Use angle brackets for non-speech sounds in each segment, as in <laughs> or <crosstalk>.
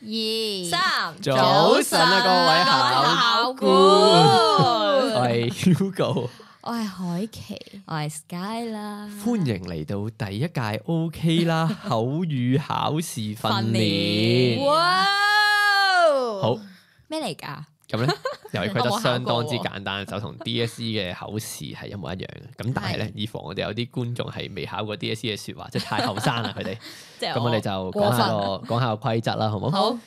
一、二、三，早晨啊！各位考官， <laughs> 我係 Hugo，我係海琪，我係 Sky 啦。歡迎嚟到第一屆 OK 啦口語考試訓練。哇 <laughs> 好！好咩嚟噶？咁咧、 <laughs> 嗯，由於遊戲規則相當之簡單，就同 DSE 嘅口試係一模一樣嘅。咁但係咧，是以防我哋有啲觀眾係未考過 DSE 嘅說話，即係太後生啦，佢哋。咁我哋就講下個講下個規則啦，好唔好？好。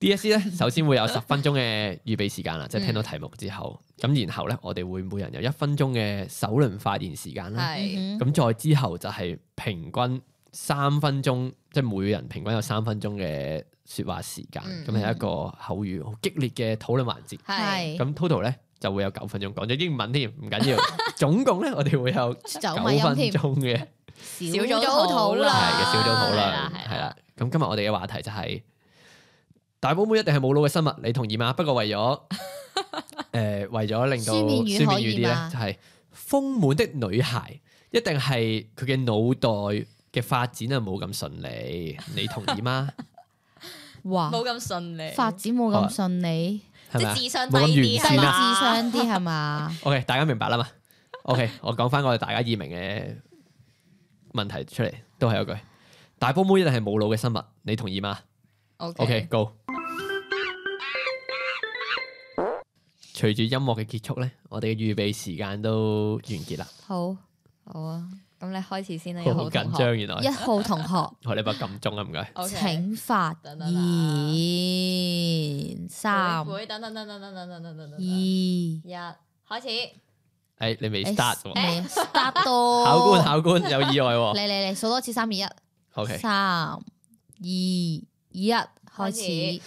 DSC 咧，首先會有十分鐘嘅預備時間啦， <laughs> 即係聽到題目之後，咁、嗯、然後咧，我哋會每人有一分鐘嘅首輪發言時間啦。係是。咁再之後就係平均三分鐘，即、就、係、是、每人平均有三分鐘嘅說話時間。咁係、嗯、一個口語好激烈嘅討論環節。係是。咁 total 咧就會有九分鐘，講咗英文添，唔緊要。 <laughs> 總共咧，我哋會有九分鐘嘅。少咗咗好肚啦，係嘅，少咗肚啦，係啦。咁今日我哋嘅話題就係 Double May 一定係冇腦嘅生物，你同意嗎？不過為咗誒，為咗令到書面語啲咧，就係豐滿的女孩一定係佢嘅腦袋嘅發展啊，冇咁順利，你同意嗎？哇，冇咁順利，發展冇咁順利，即係智商低啲啊嘛，智商啲係嘛？OK，大家明白啦嘛？OK，我講翻我哋大家耳明嘅。問題出嚟，都係嗰句，大波妹一定係冇腦嘅生物，你同意嗎？OK，go。隨住音樂嘅結束咧，我哋嘅預備時間都完結啦。好，好啊，咁你開始先啦。好緊張，原來一號同學，我呢把撳鐘啊，唔該。請發言，三，等等等等等等等等等，二，一，開始。誒，你未 start？未 start 到。考官，考官有意外。嚟嚟嚟，數多次三二一。OK。三二一，開始。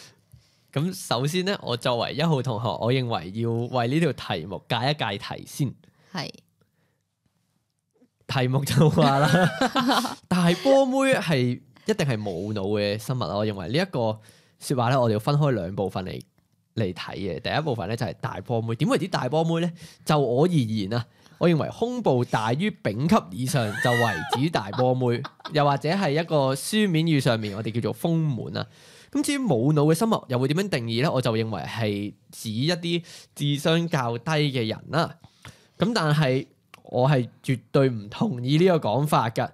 咁首先咧，我作為一號同學，我認為要為呢條題目解一解題先。係。題目就話啦，大波妹係一定係冇腦嘅生物，我認為呢一個說話咧，我哋要分開兩部分嚟。嚟睇嘅。第一部分咧，就係大波妹，點為之大波妹呢？就我而言啊，我認為胸部大於丙級以上就為之大波妹，又或者係一個書面語上面我哋叫做豐滿啊。咁至於冇腦嘅生物又會點樣定義呢？我就認為係指一啲智商較低嘅人啦。咁但係我係絕對唔同意呢個講法噶，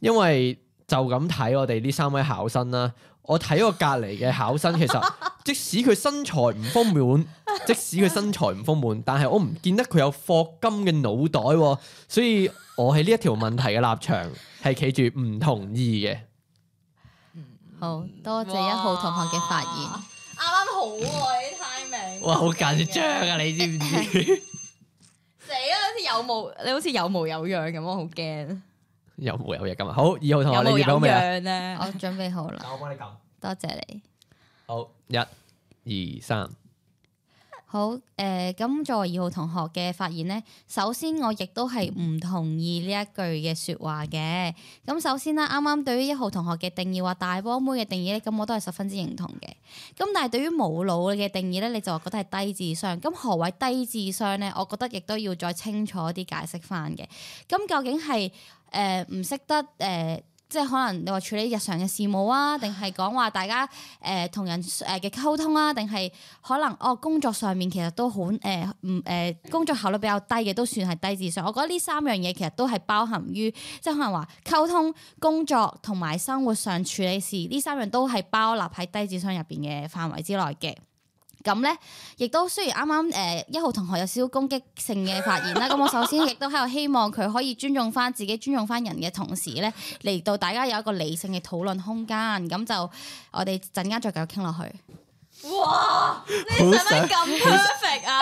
因為就咁睇我哋呢三位考生啦。我睇我隔籬嘅考生，其實即使佢身材唔豐滿，即使佢身材唔豐滿，但係我唔見得佢有霍金嘅腦袋，所以我喺呢一條問題嘅立場係企住唔同意嘅。嗯。好多謝一號同學嘅發言，啱啱好喎，啲 timing，哇，好緊張啊，啊嗯、你知唔知？死啦，好似有模，你好似有模有樣咁，我好驚。有模有樣咁啊！好，二號同學，你準備好未啊？我準備好了。 <laughs> 咁我幫你撳。多謝你。好，一、二、三。好，誒、呃、咁作為二號同學嘅發言呢，首先我亦都係唔同意呢一句嘅説話嘅。咁首先咧，啱啱對於一號同學嘅定義話大波妹嘅定義呢，咁我都係十分之認同嘅。咁但係對於冇腦嘅定義呢，你就話覺得係低智商，咁何謂低智商呢？我覺得亦都要再清楚啲解釋翻嘅。咁究竟係誒唔識得誒？呃即係可能你話處理日常嘅事務啊，定係講話大家誒、呃、同人誒嘅溝通啊，定係可能哦工作上面其實都好誒唔誒工作效率比較低嘅，都算係低智商。我覺得呢三樣嘢其實都係包含於即係可能話溝通、工作同埋生活上處理事呢三樣都係包納喺低智商入邊嘅範圍之內嘅。咁咧，亦都雖然啱啱誒一號同學有少少攻擊性嘅發言啦，咁 <laughs> 我首先亦都喺度希望佢可以尊重翻自己，尊重翻人嘅同時咧，嚟到大家有一個理性嘅討論空間。咁就我哋陣間再繼續傾落去。哇！你使乜咁 perfect 啊？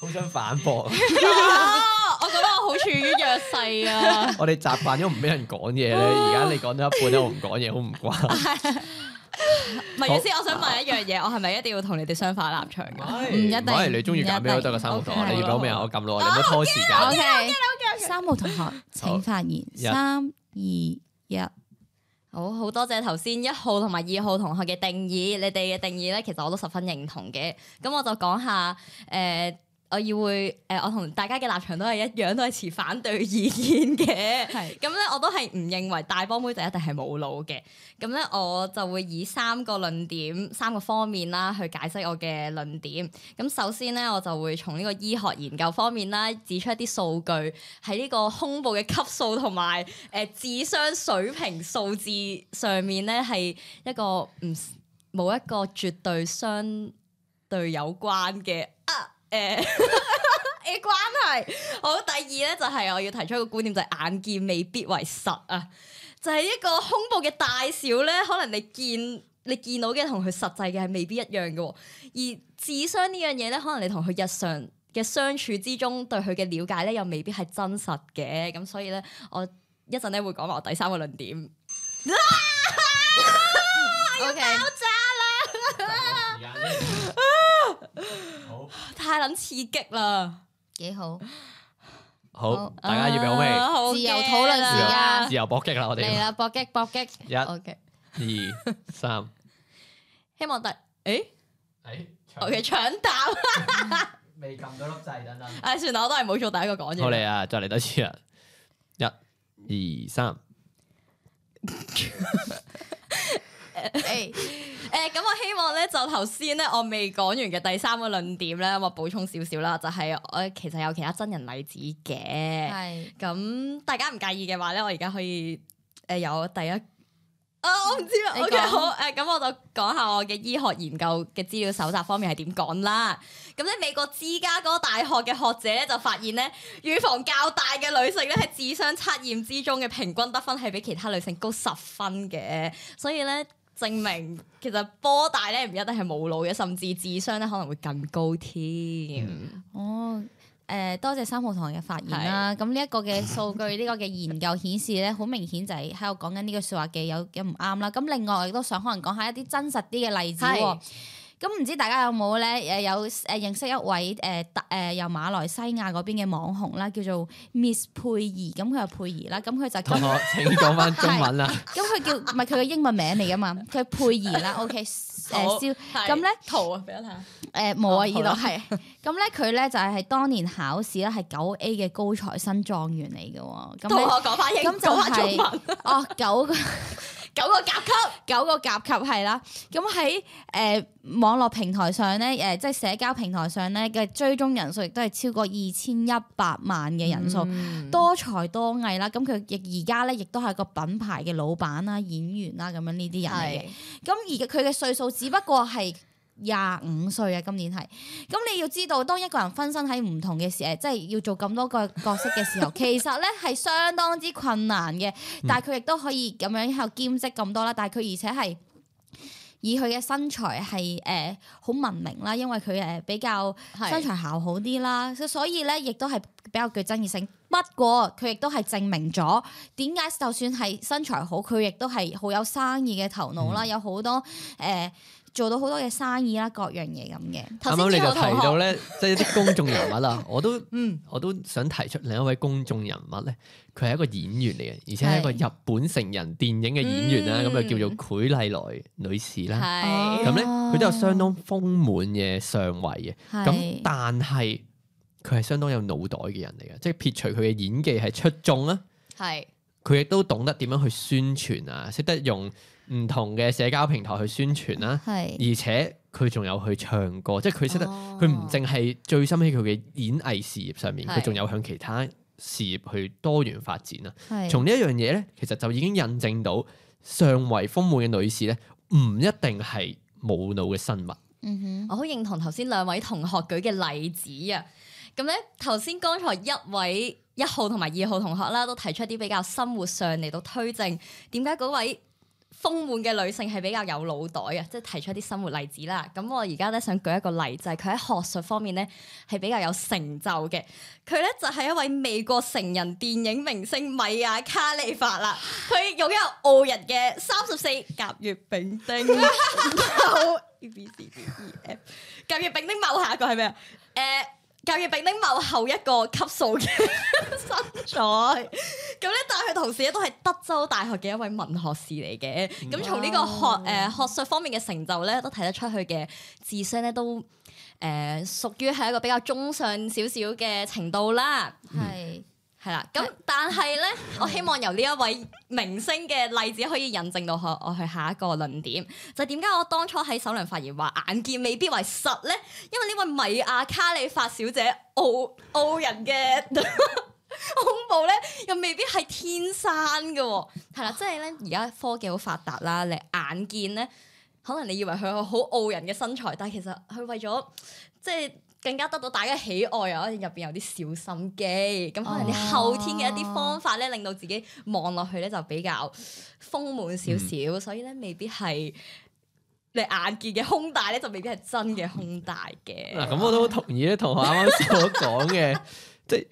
好想，想反駁。我覺得我好處於弱勢啊！ <laughs> 我哋習慣咗唔俾人講嘢咧，而家你講咗一半都我唔講嘢，好唔慣。 <laughs> 唔係，意思我想問一樣嘢，我係咪一定要同你哋相反立場嘅？唔一定，你中意揀邊我都得嘅。三號同學，你要到咩我我撳你，唔好拖時間。OK，三號同學請發言，三二一，好好多謝頭先一號同埋二號同學嘅定義，你哋嘅定義咧，其實我都十分認同嘅。咁我就講下誒。我要會誒、呃，我同大家嘅立場都係一樣，都係持反對意見嘅。係咁咧，我都係唔認為大波妹就一定係冇腦嘅。咁咧，我就會以三個論點、三個方面啦去解釋我嘅論點。咁首先咧，我就會從呢個醫學研究方面啦，指出一啲數據喺呢個胸部嘅級數同埋誒智商水平數字上面咧，係一個唔冇一個絕對相對有關嘅。誒，嘅、欸 <laughs> 欸、關係。好，第二咧就係、是、我要提出一個觀點，就係、是、眼見未必為實啊！就係、是、一個胸部嘅大小咧，可能你見你見到嘅同佢實際嘅係未必一樣嘅、哦。而智商呢樣嘢咧，可能你同佢日常嘅相處之中對佢嘅了解咧，又未必係真實嘅。咁所以咧，我一陣咧會講埋我第三個論點。要爆炸啦 <laughs> <laughs> 太撚刺激啦，幾好，好，大家預備好未？好，自由討論時間，自由搏擊啦，我哋嚟啦，搏擊搏擊，一、二、三，希望得誒誒，OK 搶答，未撳到粒掣等等，誒，算啦，我都係冇做，第一個講嘢，好嚟啊，再嚟多次啊，一、二、三。誒誒，咁、 <laughs> 欸、我希望咧，就頭先咧，我未講完嘅第三個論點咧，我補充少少啦，就係、是、我其實有其他真人例子嘅。係咁是，大家唔介意嘅話咧，我而家可以誒、呃、有第一啊，我唔知啊。說 o、okay, K，好誒，咁、呃、我就講下我嘅醫學研究嘅資料蒐集方面係點講啦。咁咧，美國芝加哥大學嘅學者咧就發現咧，乳房較大嘅女性咧喺智商測驗之中嘅平均得分係比其他女性高十分嘅，所以咧。證明其實波大咧唔一定係冇腦嘅，甚至智商咧可能會更高添。嗯、哦，誒、呃，多謝三號堂嘅發言啦、啊。咁呢一個嘅數據，呢 <laughs> 個嘅研究顯示咧，好明顯就係喺度講緊呢句説話嘅有幾唔啱啦。咁另外，我亦都想可能講下一啲真實啲嘅例子喎、啊。咁唔知大家有冇咧誒有誒認識一位誒特、呃呃、由馬來西亞嗰邊嘅網紅啦，叫做 Miss 佩兒，咁佢係佩兒啦，咁佢就同學請講翻中文啦。咁佢叫唔係佢嘅英文名嚟㗎嘛？佢係佩兒啦，OK 誒肖。咁咧圖啊，俾我睇下。冇啊、呃，原來係。咁咧佢咧就係、是、係當年考試啦，係九 A 嘅高材生狀元嚟嘅喎。嗯、同我講翻英講翻中文。哦九個。九個甲級，九個甲級係啦。咁喺誒網絡平台上咧，誒、呃、即係社交平台上咧嘅追蹤人數亦都係超過二千一百萬嘅人數。嗯、多才多藝啦，咁佢亦而家咧亦都係個品牌嘅老闆啦、演員啦，咁樣呢啲人嚟嘅。咁是而佢嘅歲數，只不過係，廿五歲啊，今年係，咁你要知道，當一個人分身喺唔同嘅時候，即係要做咁多個角色嘅時候，其實咧係 <laughs> 相當之困難嘅。但係佢亦都可以咁樣然後兼職咁多啦。但係佢而且係以佢嘅身材係誒好聞名啦，因為佢誒比較身材姣好啲啦，是所以咧亦都係比較具爭議性。不過佢亦都係證明咗點解就算係身材好，佢亦都係好有生意嘅頭腦啦，嗯、有好多誒、呃、做到好多嘅生意啦，各樣嘢咁嘅。啱啱你就提到咧，即係 <laughs> 一啲公眾人物啦，我都嗯我都想提出另一位公眾人物咧，佢係一個演員嚟嘅，而且係一個日本成人電影嘅演員啦，咁、嗯、就叫做許麗來女士啦。係咁咧，佢、哦、都有相當豐滿嘅上圍嘅，咁是是但係。佢係相當有腦袋嘅人嚟嘅，即係撇除佢嘅演技係出眾啦，係佢亦都懂得點樣去宣傳啊，識得用唔同嘅社交平台去宣傳啦，係是而且佢仲有去唱歌，即係佢識得佢唔淨係最深喺佢嘅演藝事業上面，佢仲是有向其他事業去多元發展啦。係從是呢一樣嘢咧，其實就已經印證到上圍豐滿嘅女士咧，唔一定係冇腦嘅生物。嗯哼，我好認同頭先兩位同學舉嘅例子啊。咁咧，頭先剛才一位一號同埋二號同學啦，都提出一啲比較生活上嚟到推證，點解嗰位豐滿嘅女性係比較有腦袋嘅？即係提出一啲生活例子啦。咁我而家咧，想舉一個例，就係佢喺學術方面咧係比較有成就嘅。佢咧就係、是、一位美國成人電影明星米亞卡利法啦。佢擁有傲人嘅三十四甲乙丙丁。 <laughs> 甲乙丙丁，某下一個係咩啊？誒、欸。教月丙丁某後一個級數嘅 <laughs> 身材，咁 <laughs> 咧但係佢同時咧都係德州大學嘅一位文學士嚟嘅，咁從呢個學誒、呃、學術方面嘅成就咧，都睇得出佢嘅智商咧都誒、呃、屬於係一個比較中上少少嘅程度啦，係、嗯。係啦，咁但係咧，嗯、我希望由呢一位明星嘅例子可以引證到我去下一個論點，就係點解我當初喺首輪發言話眼見未必為實咧？因為呢位米亞卡里法小姐傲傲人嘅 <laughs> 恐怖咧，又未必係天生噶、哦，係啦，即係咧而家科技好發達啦，你眼見咧，可能你以為佢好傲人嘅身材，但係其實佢為咗即係。就是更加得到大家喜愛，又可以入邊有啲小心機，咁可能你後天嘅一啲方法咧，啊、令到自己望落去咧就比較豐滿少少，嗯、所以咧未必係你眼見嘅胸大咧，就未必係真嘅胸大嘅。嗱、啊，咁我都好同意啲同學啱啱所講嘅， <laughs> 即係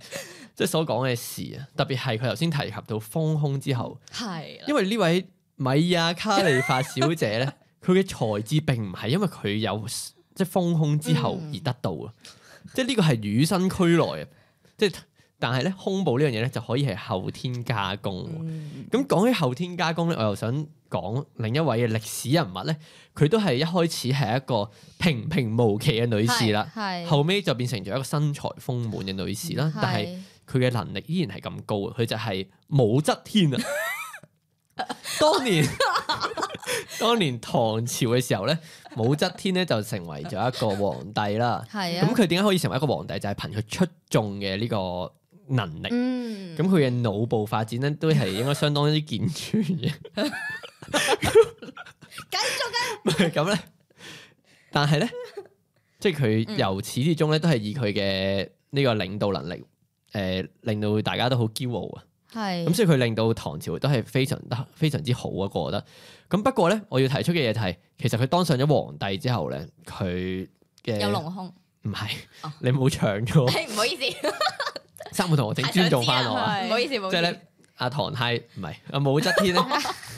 即係所講嘅事啊，特別係佢頭先提及到豐胸之後，係是的 因為呢位米亞卡利法小姐咧，佢嘅 <laughs> 才智並唔係因為佢有。即係豐胸之後而得到啊！嗯、即係呢個係與生俱來啊！即係但係咧，胸部呢樣嘢咧就可以係後，嗯、後天加工。咁講起後天加工咧，我又想講另一位嘅歷史人物咧，佢都係一開始係一個平平無奇嘅女士啦，後尾就變成咗一個身材豐滿嘅女士啦。但係佢嘅能力依然係咁高，佢就係武則天啊！ <laughs> 當年。 <laughs> 當年唐朝嘅時候咧，武則天咧就成為咗一個皇帝啦。係啊，咁佢點解可以成為一個皇帝？就係憑佢出眾嘅呢個能力。嗯，咁佢嘅腦部發展咧都係應該相當之健全嘅。繼 <laughs> 續嘅、啊。唔係咁咧，但係咧，即係佢由始至終咧都係以佢嘅呢個領導能力，誒、呃，令到大家都好驕傲啊。係是。咁所以佢令到唐朝都係非常、非常之好啊！我覺得。咁不過咧，我要提出嘅嘢就係、是，其實佢當上咗皇帝之後咧，佢嘅有隆胸，唔係是，oh. 你冇搶咗，唔、 <laughs> 哎、好意思， <laughs> 三位同學，請尊重翻我、啊，唔 <laughs> 好意思，即係咧，阿、 <laughs> 啊、唐太唔係阿武則天咧，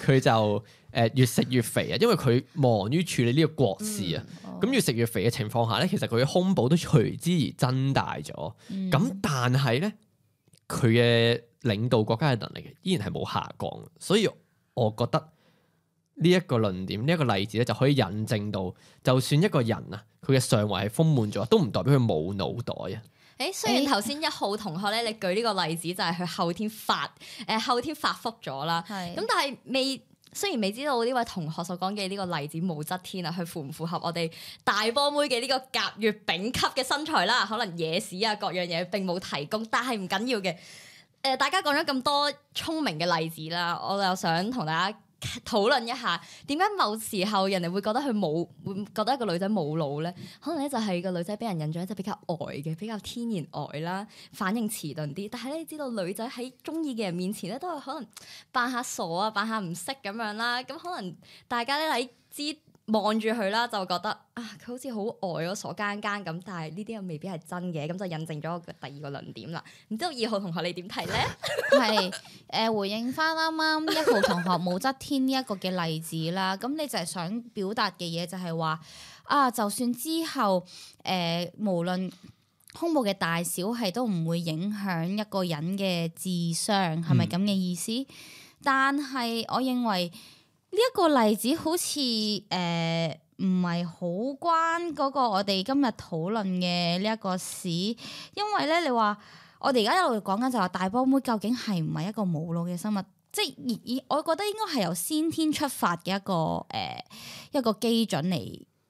佢 <laughs> 就誒、呃、越食越肥啊，因為佢忙於處理呢個國事啊，咁、mm, oh. 越食越肥嘅情況下咧，其實佢嘅胸部都隨之而增大咗，咁、mm. 但係咧，佢嘅領導國家嘅能力依然係冇下降，降，所以我覺得。呢一個論點，呢、這、一個例子咧，就可以引證到，就算一個人啊，佢嘅上圍係豐滿咗，都唔代表佢冇腦袋啊。誒，雖然頭先一號同學咧，你舉呢個例子就係佢後天發，誒、呃、後天發福咗啦。係是，咁但係未，雖然未知道呢位同學所講嘅呢個例子武則天啊，佢符唔符合我哋大波妹嘅呢個甲乙丙級嘅身材啦？可能野史啊，各樣嘢並冇提供，但係唔緊要嘅。誒、呃，大家講咗咁多聰明嘅例子啦，我又想同大家。討論一下點解某時候人哋會覺得佢冇，會覺得一個女仔冇腦呢？可能呢就係個女仔俾人印象咧，就比較呆嘅，比較天然呆啦，反應遲鈍啲。但係你，知道女仔喺鍾意嘅人面前呢，都係可能扮下傻啊，扮下唔識咁樣啦。咁可能大家呢，你知。望住佢啦，就覺得啊，佢好似好呆咯，傻更更咁。但係呢啲又未必係真嘅，咁就引證咗我第二個論點啦。唔知道二號同學你點睇咧？係誒、 <laughs> 呃、回應翻啱啱一號同學武則天呢一個嘅例子啦。咁 <laughs> 你就係想表達嘅嘢就係話啊，就算之後誒、呃，無論胸部嘅大小係都唔會影響一個人嘅智商，係咪咁嘅意思？但係我認為。呢一個例子好似誒，唔係好關嗰個我哋今日討論嘅呢一個事，因為咧，你話我哋而家一路講緊就話大波妹究竟係唔係一個冇腦嘅生物？即係以我覺得應該係由先天出發嘅一個誒、呃、一個基準嚟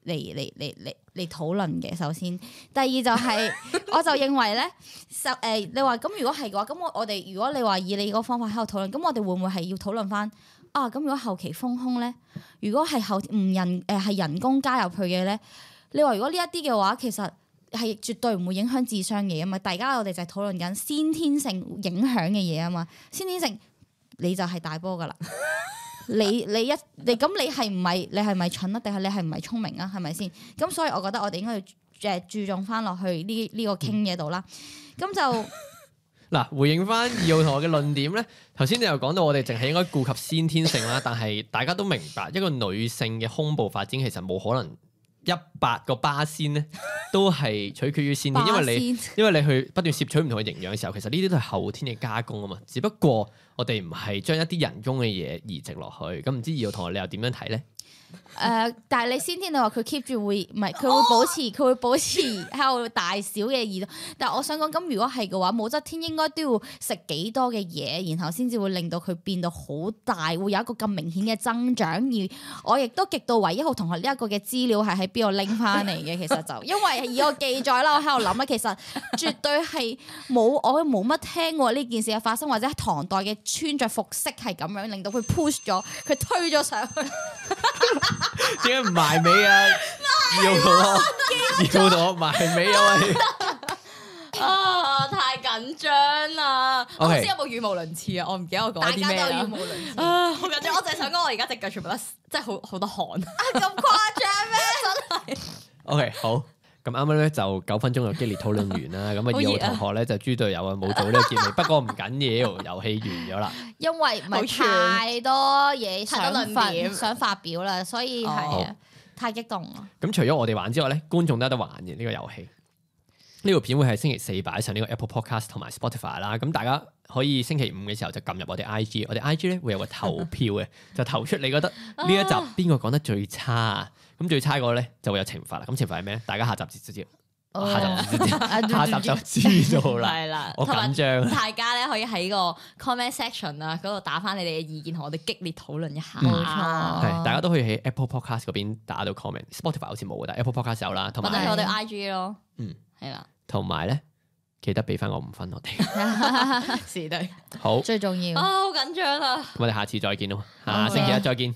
嚟嚟嚟嚟嚟討論嘅。首先，第二就係、是、我就認為咧，就誒、 <laughs> 呃、你話咁如果係嘅話，咁我我哋如果你話以你個方法喺度討論，咁我哋會唔會係要討論翻？啊，咁如果後期豐胸咧，如果係後唔人誒係、呃、人工加入佢嘅咧，你話如果呢一啲嘅話，其實係絕對唔會影響智商嘅啊嘛。大家我哋就係討論緊先天性影響嘅嘢啊嘛，先天性你就係大波噶啦。 <laughs> 你一你一你咁你係唔係你係唔係蠢啊？定係你係唔係聰明啊？係咪先？咁所以我覺得我哋應該要誒注重翻落去呢呢個傾嘢度啦。咁就。 <laughs> 嗱，回應翻二號同學嘅論點咧，頭先 <laughs> 你又講到我哋淨係應該顧及先天性啦， <laughs> 但係大家都明白 <laughs> 一個女性嘅胸部發展其實冇可能一百個巴仙咧，都係取決於先天， <laughs> 因為你 <laughs> 因為你去不斷攝取唔同嘅營養嘅時候，其實呢啲都係後天嘅加工啊嘛，只不過，我哋唔係將一啲人工嘅嘢移植落去，咁唔知二號同學你又點樣睇咧？誒、呃，但係你先天你話佢 keep 住會，唔係佢會保持，佢、哦、會保持喺度大小嘅移動。但係我想講，咁如果係嘅話，武則天應該都要食幾多嘅嘢，然後先至會令到佢變到好大，會有一個咁明顯嘅增長。而我亦都極度唯一號同學呢一個嘅資料係喺邊度拎翻嚟嘅，其實就因為以我記載啦，我喺度諗啦，其實絕對係冇，我冇乜聽過呢件事嘅發生，或者唐代嘅。穿着服飾係咁樣，令到佢 push 咗佢推咗上去。點解唔埋尾啊？掉咗，要到我埋尾啊！啊、 <laughs> 哦，太緊張啦！Okay，我唔知有冇語無倫次啊！我唔記得我講啲咩啦。大家都語無倫次。倫次啊，好緊張！ <laughs> 我淨係想講，我而家隻腳全部都即係好好多汗。 <laughs> 啊，咁誇張咩？真係。OK，好。咁啱啱咧就九分鐘就激烈討論完啦，咁啊 <laughs> 二號同學咧就豬隊友啊冇 <laughs> 做呢個結尾， <laughs> 不過唔緊要，遊戲完咗啦。因為唔係太多嘢想論點、論 <laughs> 想發表啦，所以係啊，哦、太激動咯。咁、哦、除咗我哋玩之外咧，觀眾都有得玩嘅，呢、這個遊戲。呢 <laughs> 條片會喺星期四擺上呢個 Apple Podcast 同埋 Spotify 啦，咁大家可以星期五嘅時候就撳入我哋 IG，我哋 IG 咧會有個投票嘅， <laughs> 就投出你覺得呢一集邊個講得最差。 <laughs> 咁最差個咧，就會有懲罰啦。咁懲罰係咩？大家下集直接，下集、哦、下集就知道啦。係啦、哦， <laughs> 我緊張。大家咧可以喺個 comment section 啊嗰度打返你哋嘅意見，同我哋激烈討論一下。冇、嗯哦、大家都可以喺 Apple Podcast 嗰邊打到 comment。Spotify 好似冇，但 Apple Podcast 有啦。同埋我哋 IG 咯。嗯，係啦。同埋咧，記得俾返我五分，我哋是的。好，最重要啊、哦！好緊張啊！咁我哋下次再見咯。下星期一再見。